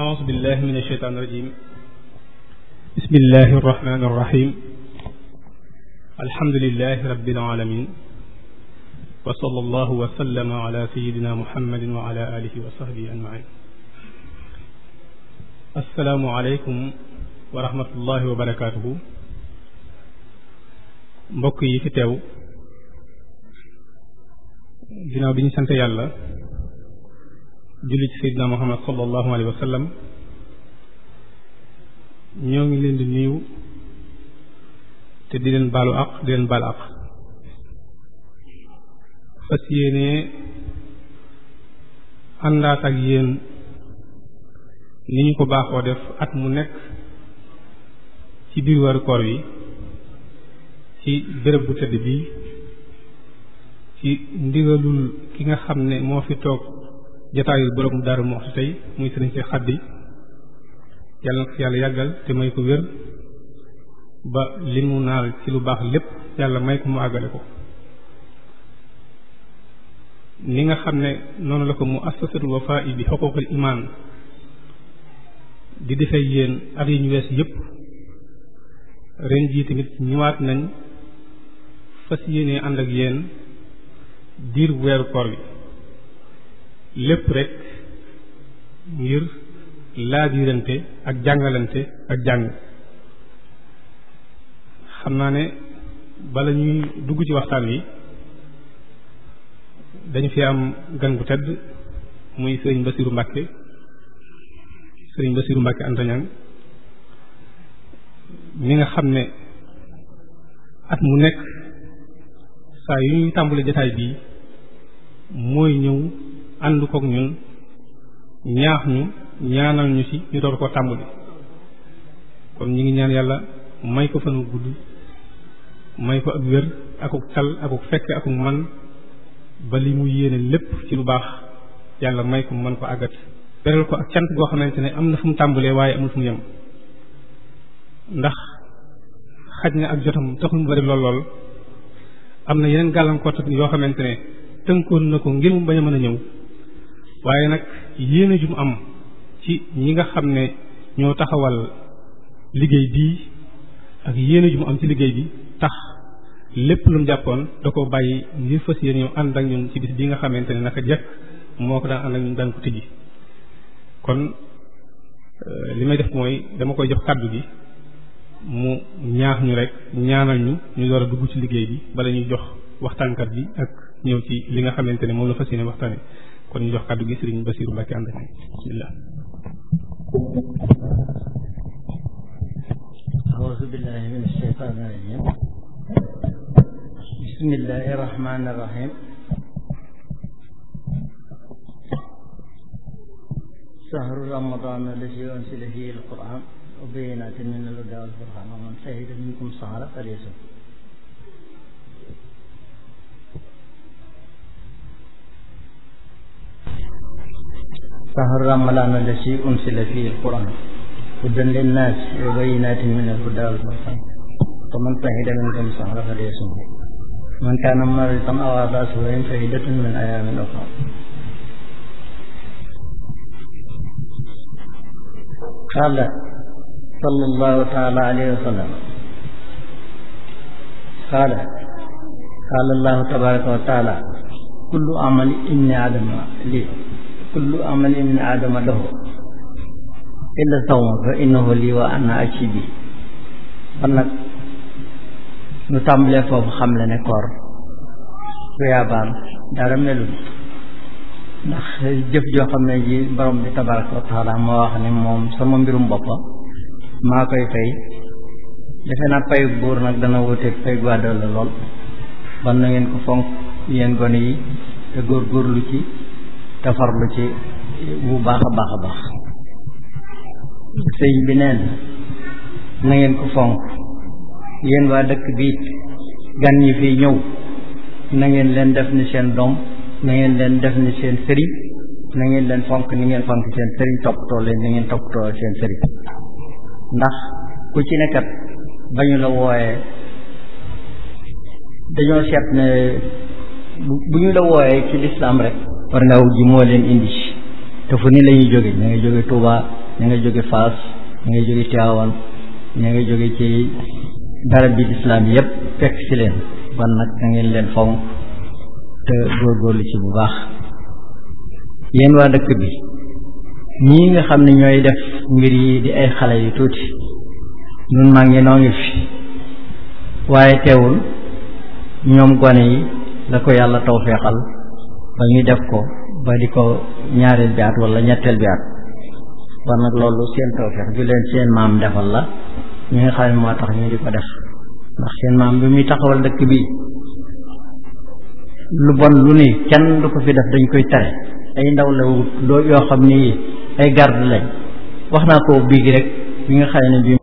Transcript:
أعوذ بالله من الشيطان الرجيم بسم الله الرحمن الرحيم الحمد لله رب العالمين وصلى الله وسلم على سيدنا محمد وعلى آله وصحبه أجمعين السلام عليكم ورحمة الله وبركاته mbokk yi fi teew ginnaaw bi ñu sant yàlla julli ci seydina muhammad sallallahu alayhi wa sallam ñoo ngi leen di nuyu te di leen baalu àq di leen baal àq fas yéene àndaat ak yéen ni ñu ko baaxoo def at mu nekk ci biir weeru koor yi ci béréb bu tëdd bi ci ndigalul ki nga xam ne moo fi toog jataayu borom Daaru Muxti tey muy sëriñ si xaddi yàlla na ko yàlla yàggal te may ko wér ba li mu naal ci lu baax lépp yàlla may ko mu àggale ko ni nga xam ne noonu la ko mu assasatul wafa bi xuququl iman di defee yéen ak yi ñu wees yëpp ren jii tamit ñëwaat nañ fas yéenee ànd ak yéen diir weeru koor bi lépp rek ngir laabirante ak jàngalante ak jàng xam naa ne bala ñuy dugg ci waxtaan wi dañu fi am gan gu tedd muy sëriñ Basiru Mbàkke sëriñ Basiru Mbàkke antañan mi nga xam ne at mu nekk saa yu ñuy tàmbali jataay bii mooy ñëw ànd kook ñun ñaax ñu ñaanal ñu ci ñu door koo tàmbali kon ñu ngi ñaan yàlla may ko fanu gudd may ko ak wér akuk tal akuk fekk akuk man ba li mu yéene lépp ci lu baax yàlla may ko man ko àggat beral ko ak cant goo xamante ne am na fu mu tàmbalee waaye amul fu mu ndax xaj na ak jotam taxul mu bari lool lool am na yeneen gàllankoor yoo xamante ne tënkoon na ko ngir mu bañ a mën a ñëw waaye nag yéene ju mu am ci ñi nga xam ne ñoo taxawal liggéey bii ak yéene ju mu am ci liggéey bi tax lépp lu mu jàppoon da ko bàyyi ngir fas yéen ñoo ànd ak ñun ci bis bi nga xamante ne naka jekk moo ko daan ànd ak ñun daan ko tijji kon euh, li may def mooy dama koy jox kàddu gi mu ñaax ñu rek ñaanal ñu ñu door a dugg ci liggéey bi bala ñuy jox waxtaankat bi ak ñëw ci li nga xamante ne moom la fas yéene waxtaane kon ñu jox kàddu gi Sëriñ Basiru Mbàkke ànd ak bismillah أعوذ بالله من الشيطان الرجيم بسم الله الرحمن الرحيم شهر رمضان الذي أنزل فيه القرآن وبينات من الهدى والفرقان ومن شهد منكم السهرة فليصم فحرم لنا الذي أنزل فيه القرآن هدى للناس وبينات من الهدى والفرقان فمن شهد منكم الشهر فليصمه من كان مريضا أو على سفر فعدة من أيام أخرى قال صلى الله تعالى عليه وسلم قال قال الله تبارك وتعالى كل عمل إني أعلم لي kullu amali min aadama lahu illa sawm fa innahu lii wa ana aji bi kon nag ñu foofu xam le ne koor tuyaabaam dara melul ndax jëf joo xam ne ji borom bi tabaraka wa taala wax ne moom sama mbirum boppa maa koy fay defe naa payug buur nag dana wuteeg payug waa doole lool ban ngeen ko fonk yéen gone yi te góorgóorlu ci te farlu ci bu baax a baax a baax sëy bi neen na ngeen ko fonk yéen waa dëkk bi gan ñi fii ñëw na ngeen leen def ni seen doom na ngeen leen def ni seen sëriñ na ngeen leen fonk ni ngeen fonk seen sëriñ toppatoo leen ni ngeen toppatoo seen sëriñ ndax ku ci nekkat ba ñu la wooyee dañoo seet ne bu ñu la wooyee ci lislaam rek war ngaa wut ji moo leen indi te fu ni la ñuy jóge ña ngay jóge Touba ña ngay jóge Faas ña ngay jóge Tivaouane ña ngay jóge ci barab bi lislaam yépp fekk si leen kon nag na ngeen leen fonk te góorgóorlu ci bu baax yéen waa dëkk bi ñii nga xam ne ñooy def mbir yi di ay xale yu tuuti ñun mag ñi noo fi waaye teewul ñoom gone yi la ko yàlla tawfeexal ba ñu def ko ba di ko ñaareel bi at wala ñetteel bi at kon nag loolu seen tawfeex ju leen seen maam defal la ñi nga xam ne moo tax ñu di ko def ndax seen maam bi muy taxawal dëkk bi lu bon lu ni kenn du ko fi def dañ koy tere ay ndaw la wut loo yoo xam ni ay garde lañ wax naa ko bii rek bi nga xam ne bi